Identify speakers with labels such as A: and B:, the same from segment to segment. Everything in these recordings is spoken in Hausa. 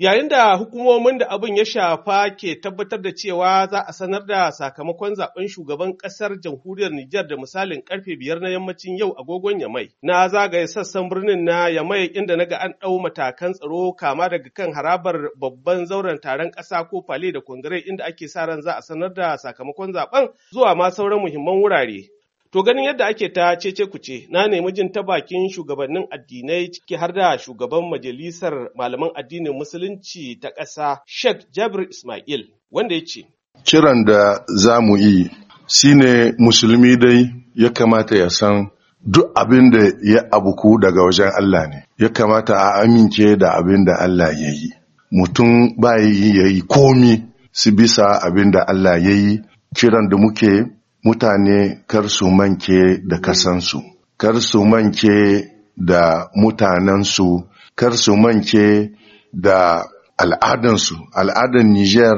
A: Yayin da hukumomin da abin ya shafa ke tabbatar da cewa za a sanar da sakamakon zaben shugaban kasar jamhuriyar Nijar da misalin karfe biyar na yammacin yau agogon Yamai. Na zagaye sassan birnin na Yamai inda na ga an ɗau matakan tsaro kama daga kan harabar babban zauren taron ƙasa ko fale da kongare inda ake sa ran za a sanar da sakamakon zaben zuwa ma sauran muhimman wurare. To ganin yadda ake ta cece ce, na nemi jin ta bakin shugabannin addinai ciki har da shugaban majalisar malaman addinin musulunci ta ƙasa Sheikh Jabir Ismail wanda ya ce.
B: Kiran da za mu yi shine musulmi dai ya kamata ya san duk abin da ya abuku daga wajen Allah ne ya kamata a amince da abin da Allah ya yi. Mutum yi ya yi komi su bisa abin da Allah ya yi kiran da muke mutane kar su manke da kasansu kar su manke da mutanensu kar su manke da al'adansu al'adan niger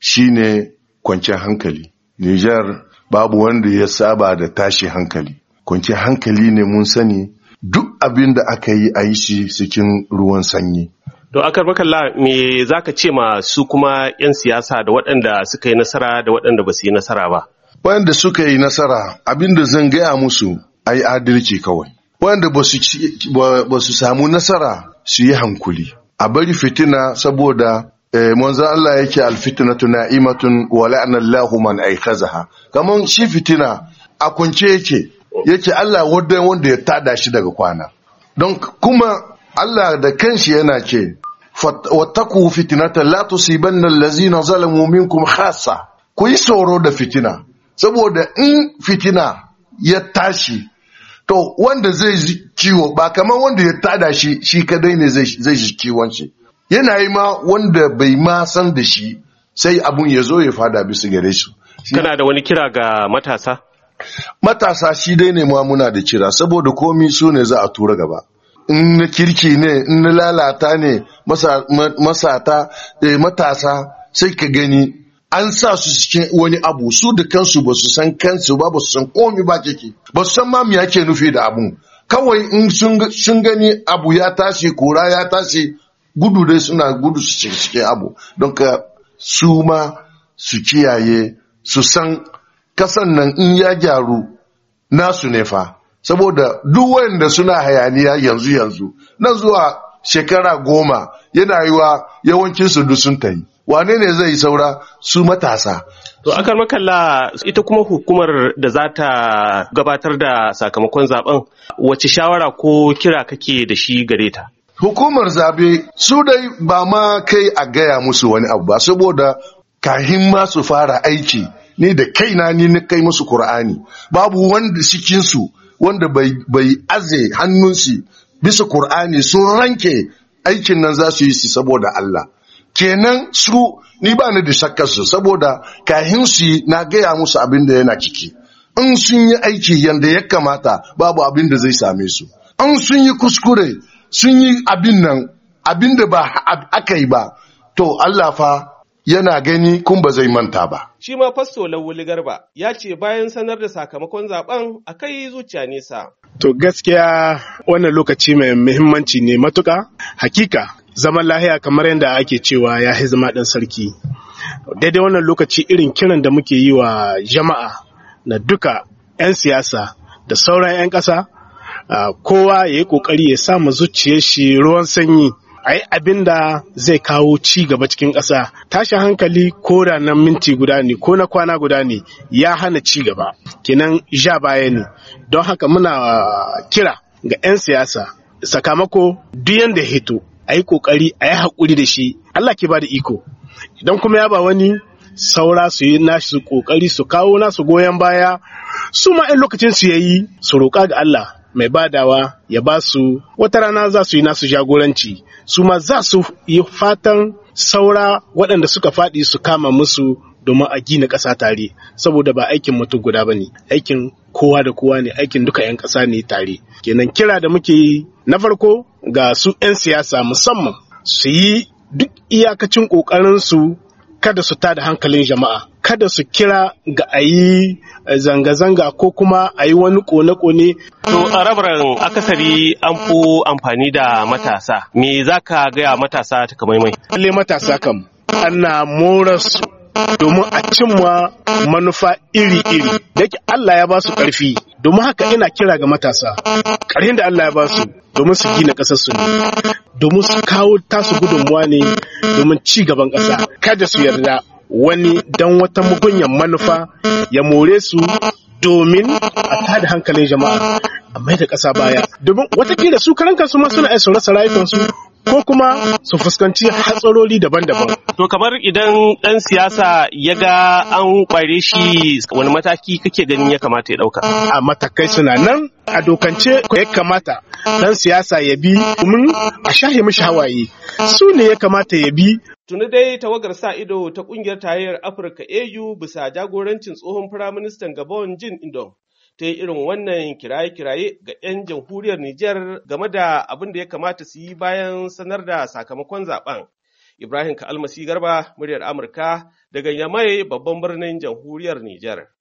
B: shine kwanciyar hankali Nijar babu wanda ya saba da tashi hankali kwanciyar hankali ne mun sani duk abin da aka yi a yi shi cikin ruwan sanyi
A: To karɓar bakalla me ka ce masu kuma 'yan siyasa da waɗanda suka yi nasara da waɗanda ba su yi nasara
B: ba? wanda suka yi nasara abinda zan gaya musu a yi adalci kawai wanda ba su samu nasara su yi hankuli a bari fitina saboda eh, manzan Allah yake alfitina alfitinatu na'imatun wa la'anallahu man kazaha. kamar shi fitina a kunce yake yake Allah wadda wanda ya tada shi daga kwana don kuma Allah da kanshi yana ce wataku fitinata la tusibanna allazina zalamu minkum khassa ku yi tsoro da fitina saboda in fitina ya tashi to wanda zai ji ciwo ba kamar wanda ya tada shi shi kadai ne zai ji ciwon shi yana yi ma wanda bai ma san da shi sai abun ya zo ya fada bisa gare su kana
A: da wani kira ga matasa
B: matasa shi dai ne ma muna da kira saboda komi su ne za a tura gaba in na kirki ne in na lalata ne masata eh, matasa sai ka gani an sa su cikin wani abu su da kansu ba su san kansu ba ba su san komi ba keke ba su san ma me yake nufi da abun kawai in sun gani abu ya tashi kura ya tashi gudu dai suna gudu su cikin abu don ka su ma su kiyaye su san kasan nan in ya gyaru nasu ne fa saboda duk wanda suna hayaniya yanzu yanzu nan zuwa shekara goma yana yiwa yawancinsu yawancinsu duk sun tayi wane ne zai saura su matasa
A: to akan makalla ita kuma hukumar da za ta gabatar da sakamakon zaben wace shawara ko kira kake da shi gare ta
B: hukumar zabe su dai ba ma kai a gaya musu wani abu ba saboda kahin ma su fara aiki ne da kaina ni na kai musu Kur'ani. babu wanda cikinsu wanda bai aze hannunsu bisa Kur'ani sun ranke aikin nan za su yi su saboda Allah kenan su ni ba ni da shakkar su saboda kahin su na gaya musu abin da yana ciki in sun yi aiki yanda ya kamata babu abin da zai same su in sun yi kuskure sun yi abin nan abin da ba aka yi ba to Allah fa yana gani kun ba zai manta ba.
A: Shi ma fasto Lawuli Garba ya ce bayan sanar da sakamakon zaben a kai zuciya nesa.
B: To gaskiya
C: wannan lokaci mai muhimmanci ne matuka. Hakika zaman lahiya kamar yadda ake cewa ya yi zama ɗan sarki daidai wannan lokaci irin kiran da muke yi wa jama'a na duka 'yan siyasa da sauran 'yan ƙasa kowa ya yi ƙoƙari ya samu zuciyar shi ruwan sanyi a yi abin da zai kawo ci gaba cikin ƙasa tashin hankali ko da na minti guda ne ko na kwana guda ne ya hana ci gaba kenan ja baya ne don haka muna kira ga 'yan siyasa sakamako duk da hito a yi ƙoƙari a yi haƙuri da shi Allah ke ba da iko idan kuma ya ba wani saura su yi nashi su ƙoƙari su kawo nasu goyon baya su ma in lokacin su yayi su roƙa ga Allah mai badawa ya ba su wata rana za su yi nasu jagoranci su ma za su yi fatan saura waɗanda suka faɗi su kama musu domin a gina ƙasa tare saboda ba aikin mutum guda ba ne aikin kowa da kowa ne aikin duka 'yan ƙasa ne tare kenan kira da muke yi na farko ga su 'yan siyasa musamman su yi duk iyakacin ƙoƙarinsu kada su tada hankalin jama'a kada su kira ga a yi eh, zanga-zanga ko kuma a yi wani kone-kone. To a
A: rabarar akasari an fi amfani da matasa, me za ka gaya matasa ta kamaimai?
C: Kalle matasa kam, ana morasu domin a cimma manufa iri-iri da Allah ya ba su ƙarfi domin haka ina kira ga matasa ƙarfin da Allah ya ba su domin su gina ƙasar su ne domin su kawo tasu gudunmuwa ne domin ci gaban ƙasa kada su yarda wani dan wata mugunyan manufa ya more su domin a tada hankalin jama'a a mai da ƙasa baya domin watakila su karan kansu ma suna iya su rasa rayukansu ko kuma su fuskanci hatsaroli daban-daban.
A: To kamar idan ɗan siyasa ya ga an kware shi wani mataki kake ganin ya kamata ya ɗauka?
C: A matakai suna nan a dokance ya kamata ɗan siyasa ya bi kuma a shahe mishi hawaye su ne ya kamata ya bi
A: Tuni dai tawagar sa ido ta ƙungiyar tarayyar Afirka AU bisa jagorancin tsohon firaministan Gabon Jin Indon ta yi irin wannan kiraye-kiraye ga 'yan jamhuriyar Nijar game da abin da ya kamata su yi bayan sanar da sakamakon zaben. Ibrahim Ka'almasi Garba, muryar Amurka, daga Yamai babban birnin jamhuriyar Nijar.